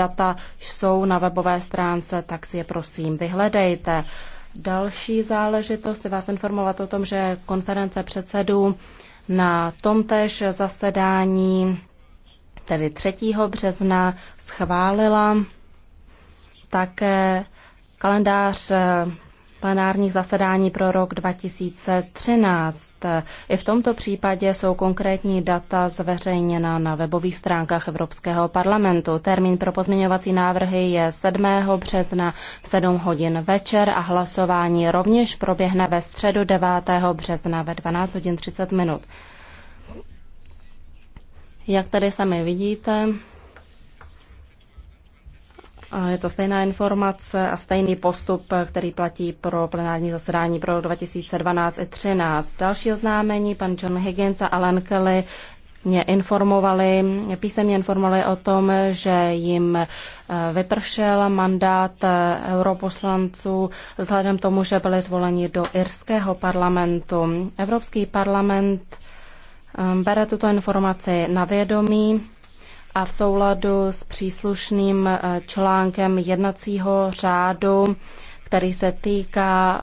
data jsou na webové stránce, tak si je prosím vyhledejte. Další záležitost, vás informovat o tom, že konference předsedů na tomtež zasedání, tedy 3. března, schválila také kalendář plenárních zasedání pro rok 2013. I v tomto případě jsou konkrétní data zveřejněna na webových stránkách Evropského parlamentu. Termín pro pozměňovací návrhy je 7. března v 7 hodin večer a hlasování rovněž proběhne ve středu 9. března ve 12 hodin 30 minut. Jak tady sami vidíte, je to stejná informace a stejný postup, který platí pro plenární zasedání pro 2012 i 2013. Další oznámení, pan John Higgins a Alan Kelly mě informovali, písemně informovali o tom, že jim eh, vypršel mandát eh, europoslanců vzhledem tomu, že byli zvoleni do irského parlamentu. Evropský parlament eh, bere tuto informaci na vědomí a v souladu s příslušným eh, článkem jednacího řádu, který se týká